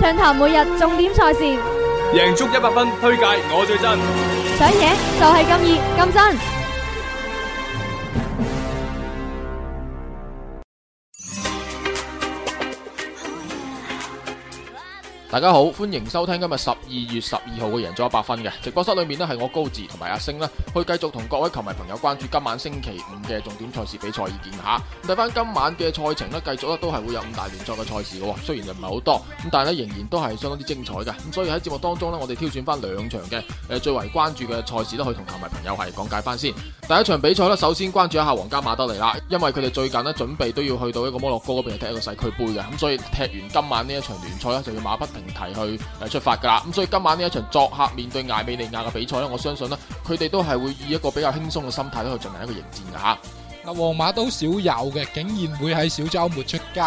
暢談每日重點賽事，贏足一百分，推介我最真，想贏就係咁熱咁真。大家好，歡迎收聽今日十二月十二號嘅贏足 100FUN 嘅直播室裏面呢係我高志同埋阿星啦，去繼續同各位球迷朋友關注今晚星期五嘅重點賽事比賽意見吓。睇翻今晚嘅賽程呢，繼續咧都係會有五大聯賽嘅賽事嘅，雖然就唔係好多，咁但係呢仍然都係相當之精彩嘅。咁所以喺節目當中呢，我哋挑選翻兩場嘅誒最為關注嘅賽事都可以同球迷朋友係講解翻先。第一場比賽呢，首先關注一下皇家馬德里啦，因為佢哋最近呢準備都要去到一個摩洛哥嗰邊踢一個世俱杯嘅，咁所以踢完今晚呢一場聯賽咧就要馬不停。問題去誒出發噶啦，咁所以今晚呢一場作客面對艾美利亞嘅比賽呢，我相信呢，佢哋都係會以一個比較輕鬆嘅心態去進行一個迎戰嘅吓。嗱，皇馬都少有嘅，竟然會喺小周末出街，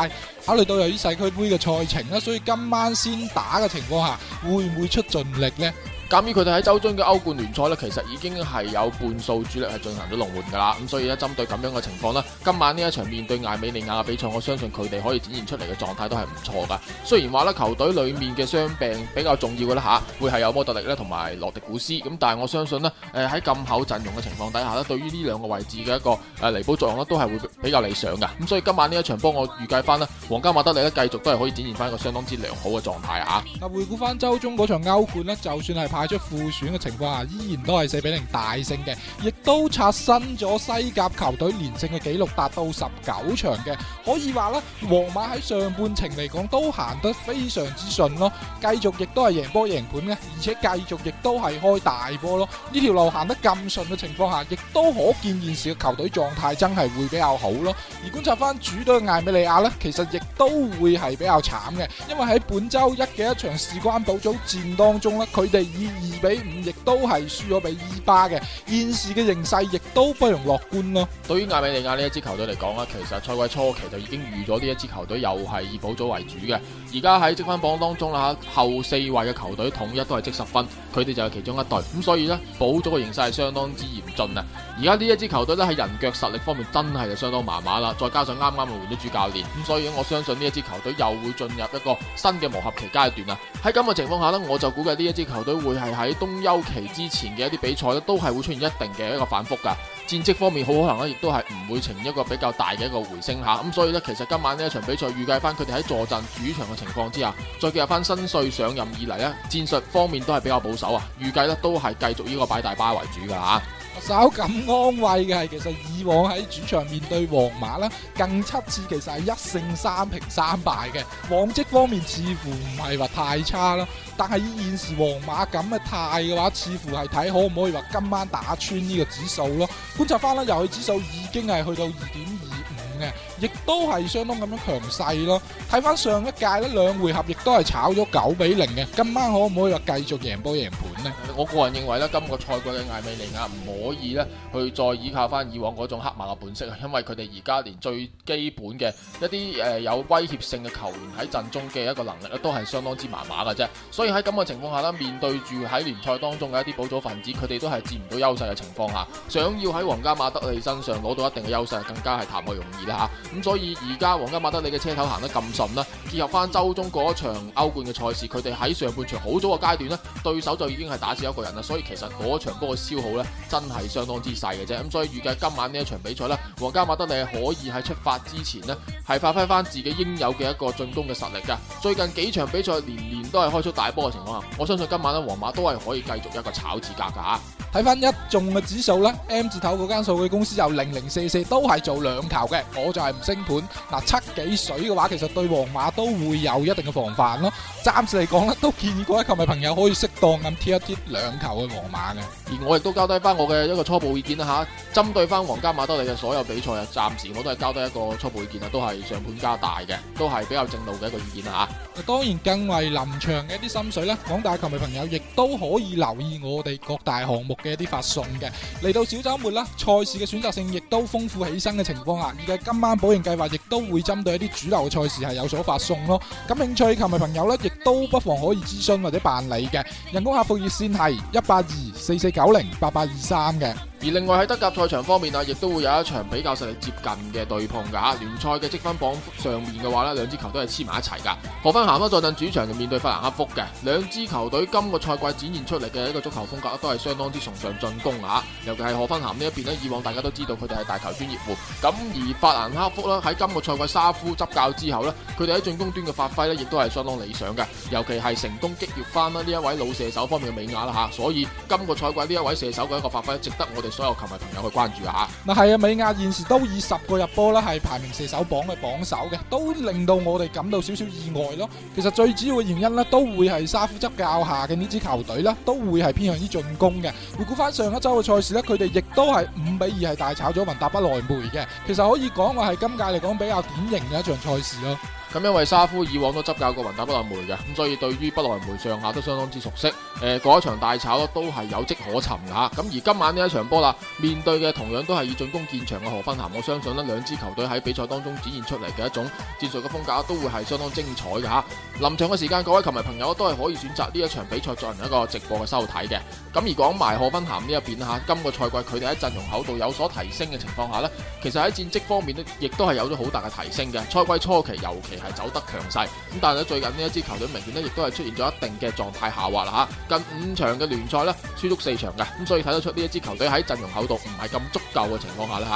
考慮到由於世俱杯嘅賽程呢，所以今晚先打嘅情況下，會唔會出盡力呢？鑒於佢哋喺周中嘅歐冠聯賽呢，其實已經係有半數主力係進行咗輪換噶啦，咁所以呢，針對咁樣嘅情況呢，今晚呢一場面對艾美利亞嘅比賽，我相信佢哋可以展現出嚟嘅狀態都係唔錯噶。雖然話呢，球隊裏面嘅傷病比較重要嘅啦吓，會係有摩德利咧同埋洛迪古斯咁，但係我相信呢，誒喺咁厚陣容嘅情況底下呢，對於呢兩個位置嘅一個誒彌補作用咧，都係會比較理想噶。咁所以今晚呢一場幫我預計翻呢，皇家馬德里呢，繼續都係可以展現翻一個相當之良好嘅狀態啊！嗱，回顧翻周中嗰場歐冠呢，就算係派出副選嘅情況下，依然都係四比零大勝嘅，亦都刷新咗西甲球隊連勝嘅紀錄，達到十九場嘅。可以話呢，皇馬喺上半程嚟講都行得非常之順咯，繼續亦都係贏波贏盤嘅，而且繼續亦都係開大波咯。呢條路行得咁順嘅情況下，亦都可見現時嘅球隊狀態真係會比較好咯。而觀察翻主隊嘅艾美利亞呢，其實亦都會係比較慘嘅，因為喺本週一嘅一場事關補組戰當中呢，佢哋以二比五，亦都係輸咗俾二巴嘅。現時嘅形勢，亦都不容樂觀咯。對於亞美尼亞呢一支球隊嚟講呢，其實賽季初期就已經預咗呢一支球隊又係以保組為主嘅。而家喺積分榜當中啦，後四位嘅球隊統一都係積十分，佢哋就係其中一隊。咁所以呢，保組嘅形勢係相當之嚴峻啊！而家呢一支球隊咧，喺人腳實力方面真係就相當麻麻啦，再加上啱啱又換咗主教練，咁所以我相信呢一支球隊又會進入一個新嘅磨合期階段啦。喺咁嘅情況下咧，我就估計呢一支球隊會係喺冬休期之前嘅一啲比賽咧都係會出現一定嘅一個反復噶戰績方面好可能咧，亦都係唔會呈一個比較大嘅一個回升吓。咁所以呢，其實今晚呢一場比賽預計翻佢哋喺坐鎮主場嘅情況之下，再加入翻新帥上任以嚟咧，戰術方面都係比較保守啊。預計咧都係繼續呢個擺大巴為主噶吓。稍感安慰嘅係，其實以往喺主場面對皇馬啦，近七次其實係一勝三平三敗嘅，往績方面似乎唔係話太差啦。但係以現時皇馬咁嘅態嘅話，似乎係睇可唔可以話今晚打穿呢個指數咯。觀察翻啦，遊戲指數已經係去到二點二五嘅，亦都係相當咁樣強勢咯。睇翻上一屆咧，兩回合亦都係炒咗九比零嘅。今晚可唔可以話繼續贏波贏盤？我個人認為咧，今個賽季嘅艾美尼亞唔可以咧去再依靠翻以往嗰種黑馬嘅本色，因為佢哋而家連最基本嘅一啲誒、呃、有威脅性嘅球員喺陣中嘅一個能力咧，都係相當之麻麻嘅啫。所以喺咁嘅情況下咧，面對住喺聯賽當中嘅一啲保組分子，佢哋都係佔唔到優勢嘅情況下，想要喺皇家馬德里身上攞到一定嘅優勢，更加係談何容易啦吓。咁、啊、所以而家皇家馬德里嘅車頭行得咁順咧，結合翻周中嗰場歐冠嘅賽事，佢哋喺上半場好早嘅階段咧，對手就已經。係打死一個人啦，所以其實嗰場波嘅消耗咧，真係相當之細嘅啫。咁所以預計今晚呢一場比賽咧，皇家馬德里係可以喺出發之前呢係發揮翻自己應有嘅一個進攻嘅實力噶。最近幾場比賽年年都係開出大波嘅情況下，我相信今晚咧皇馬都係可以繼續一個炒字格噶。睇翻一眾嘅指數咧，M 字頭嗰間數據公司就零零四四都係做兩球嘅，我就係唔升盤。嗱，七幾水嘅話，其實對皇馬都會有一定嘅防範咯。暫時嚟講咧，都建議各位球迷朋友可以適當咁貼一貼兩球嘅皇馬嘅。而我亦都交低翻我嘅一個初步意見啦嚇，針對翻皇家馬德里嘅所有比賽啊，暫時我都係交低一個初步意見啊，都係上盤加大嘅，都係比較正路嘅一個意見啦嚇。當然，更為臨場嘅一啲心水咧，廣大球迷朋友亦都可以留意我哋各大項目。嘅一啲發送嘅，嚟到小周末啦，賽事嘅選擇性亦都豐富起身嘅情況下，預計今晚保贏計劃亦都會針對一啲主流賽事係有所發送咯。感興趣球迷朋友咧，亦都不妨可以諮詢或者辦理嘅，人工客服熱線，係一八二四四九零八八二三嘅。而另外喺德甲賽場方面啊，亦都會有一場比較實力接近嘅對碰噶吓。聯賽嘅積分榜上面嘅話咧，兩支球隊都係黐埋一齊噶。何芬咸咧再陣主場就面對法蘭克福嘅兩支球隊，今個賽季展現出嚟嘅一個足球風格都係相當之崇尚進攻啊。尤其係何芬咸呢一邊咧，以往大家都知道佢哋係大球專業戶。咁而法蘭克福咧喺今個賽季沙夫執教之後咧，佢哋喺進攻端嘅發揮咧亦都係相當理想嘅。尤其係成功激活翻啦呢一位老射手方面嘅美雅啦吓，所以今個賽季呢一位射手嘅一個發揮，值得我哋。所有球迷朋友去關注下，嗱係啊，美亞現時都以十個入波呢，係排名射手榜嘅榜首嘅，都令到我哋感到少少意外咯。其實最主要嘅原因呢，都會係沙夫執教下嘅呢支球隊呢，都會係偏向於進攻嘅。回顧返上一周嘅賽事呢，佢哋亦都係五比二係大炒咗雲達不萊梅嘅。其實可以講我係今屆嚟講比較典型嘅一場賽事咯。咁因為沙夫以往都執教過雲達不萊梅嘅，咁所以對於不萊梅上下都相當之熟悉。誒、呃，嗰一場大炒都係有跡可尋嘅嚇。咁而今晚呢一場波啦，面對嘅同樣都係以進攻見長嘅荷芬咸。我相信咧兩支球隊喺比賽當中展現出嚟嘅一種戰術嘅風格都會係相當精彩嘅嚇。臨場嘅時間，各位球迷朋友都係可以選擇呢一場比賽作為一個直播嘅收睇嘅。咁而講埋荷芬咸呢一邊啦嚇，今個賽季佢哋喺陣容厚度有所提升嘅情況下呢，其實喺戰績方面咧，亦都係有咗好大嘅提升嘅。賽季初期尤其。係走得強勢咁，但係咧最近呢一支球隊明顯咧亦都係出現咗一定嘅狀態下滑啦吓，近五場嘅聯賽咧輸足四場嘅，咁所以睇得出呢一支球隊喺陣容厚度唔係咁足夠嘅情況下咧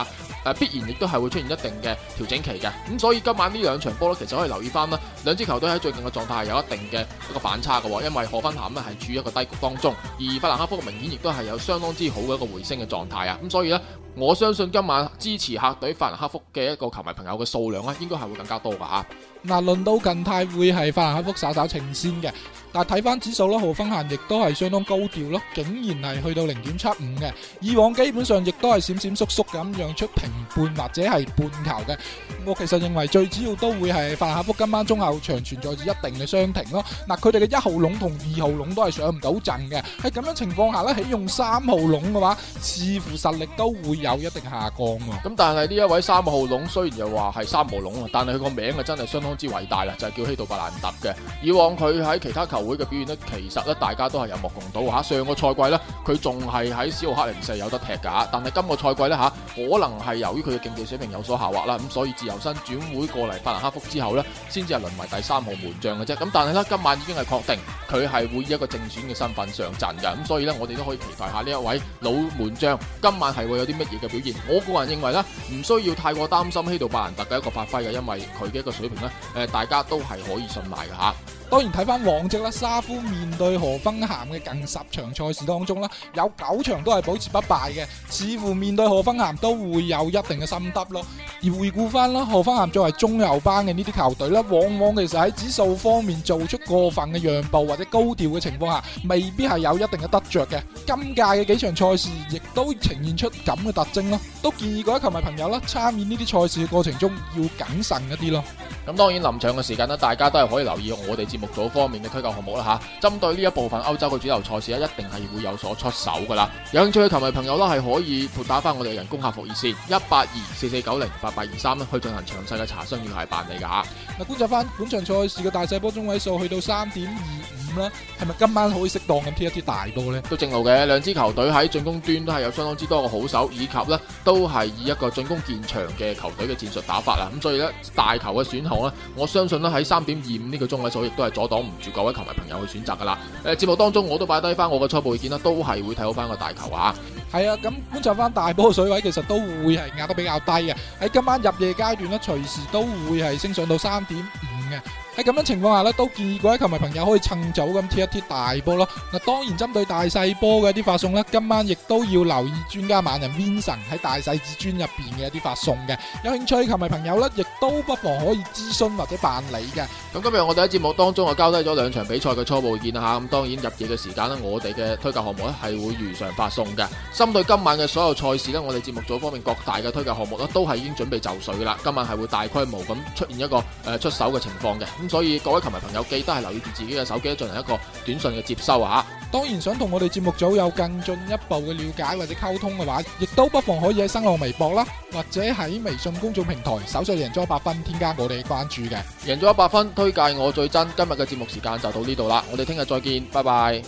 吓，誒必然亦都係會出現一定嘅調整期嘅，咁所以今晚呢兩場波咧其實可以留意翻啦。兩支球隊喺最近嘅狀態有一定嘅一個反差嘅，哦，因為荷芬咸咧係處於一個低谷當中，而法蘭克福明顯亦都係有相當之好嘅一個回升嘅狀態啊。咁所以呢，我相信今晚支持客隊法蘭克福嘅一個球迷朋友嘅數量呢，啊，應該係會更加多嘅吓，啊。嗱，輪到近太會係法蘭克福稍稍呈先嘅，但睇翻指數咯，荷芬咸亦都係相當高調咯，竟然係去到零點七五嘅。以往基本上亦都係閃閃縮縮咁讓出平半或者係半球嘅。我其實認為最主要都會係法蘭克福今晚中後場存在住一定嘅傷停咯，嗱，佢哋嘅一號龍同二號龍都係上唔到陣嘅，喺咁樣情況下咧，起用三號龍嘅話，似乎實力都會有一定下降啊。咁但係呢一位三號龍雖然又話係三號龍啊，但係佢個名啊真係相當之偉大啦，就係、是、叫希杜伯蘭特嘅。以往佢喺其他球會嘅表現呢，其實咧大家都係有目共睹吓、啊。上個賽季呢，佢仲係喺史浩克零四有得踢噶，但係今個賽季呢，吓、啊，可能係由於佢嘅競技水平有所下滑啦，咁、啊、所以自由身轉會過嚟法蘭克福之後呢，先至係淪為。第三號門將嘅啫，咁但係呢，今晚已經係確定佢係會以一個正選嘅身份上陣嘅，咁所以呢，我哋都可以期待下呢一位老門將今晚係會有啲乜嘢嘅表現。我個人認為呢，唔需要太過擔心希度拜仁特嘅一個發揮嘅，因為佢嘅一個水平呢，誒、呃，大家都係可以信賴嘅吓。當然睇翻往績啦，沙夫面對何芬咸嘅近十場賽事當中啦，有九場都係保持不敗嘅，似乎面對何芬咸都會有一定嘅心得咯。而回顧翻啦，荷芬咸作為中游班嘅呢啲球隊啦，往往其實喺指數方面做出過分嘅讓步或者高調嘅情況下，未必係有一定嘅得着嘅。今屆嘅幾場賽事亦都呈現出咁嘅特徵咯，都建議各位球迷朋友啦，參與呢啲賽事嘅過程中要謹慎一啲咯。咁當然臨場嘅時間啦，大家都係可以留意我哋節目組方面嘅推介項目啦吓。針對呢一部分歐洲嘅主流賽事咧，一定係會有所出手噶啦。有興趣嘅球迷朋友啦，係可以撥打翻我哋嘅人工客服熱線一八二四四九零。八二三啦，23，去進行詳細嘅查詢原來係辦理噶吓。嗱，觀察翻本場賽事嘅大細波中位數去到三點二。咧係咪今晚可以適當咁挑一啲大波呢？都正路嘅，兩支球隊喺進攻端都係有相當之多嘅好手，以及呢都係以一個進攻見長嘅球隊嘅戰術打法啦！咁、嗯、所以呢，大球嘅選項呢，我相信呢喺三點二五呢個中位數，亦都係阻擋唔住各位球迷朋友去選擇噶啦。誒、呃、節目當中我都擺低翻我嘅初步意見啦，都係會睇好翻個大球啊！係啊，咁觀察翻大波嘅水位，其實都會係壓得比較低嘅。喺今晚入夜階段呢，隨時都會係升上到三點五嘅。喺咁樣情況下咧，都建議各位球迷朋友可以趁早咁貼一貼大波咯。嗱，當然針對大細波嘅一啲發送咧，今晚亦都要留意專家猛人 Vincent 喺大細至尊入邊嘅一啲發送嘅。有興趣嘅球迷朋友咧，亦都不妨可以諮詢或者辦理嘅。咁今日我哋喺節目當中啊，交低咗兩場比賽嘅初步意見吓。咁當然入夜嘅時間咧，我哋嘅推介項目咧係會如常發送嘅。針對今晚嘅所有賽事咧，我哋節目組方面各大嘅推介項目咧都係已經準備就緒㗎啦。今晚係會大規模咁出現一個誒出手嘅情況嘅。所以各位球迷朋友，記得係留意住自己嘅手機，進行一個短信嘅接收嚇。啊、當然，想同我哋節目組有更進一步嘅了解或者溝通嘅話，亦都不妨可以喺新浪微博啦，或者喺微信公眾平台搜索贏足 100FUN，添加我哋關注嘅。贏足 100FUN，推介我最真。今日嘅節目時間就到呢度啦，我哋聽日再見，拜拜。